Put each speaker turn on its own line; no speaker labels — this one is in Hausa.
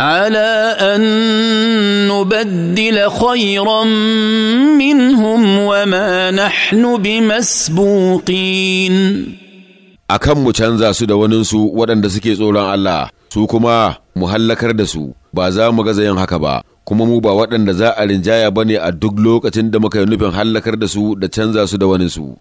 على ان نبدل خيرا
منهم وما نحن بمسبوقين akan mu canza su da waninsu waɗanda suke tsoron Allah su kuma mu hallakar da su ba za mu gaza yin haka ba kuma mu ba waɗanda za a rinjaya ba ne a duk lokacin da muka yi nufin hallakar da su da canza su da waninsu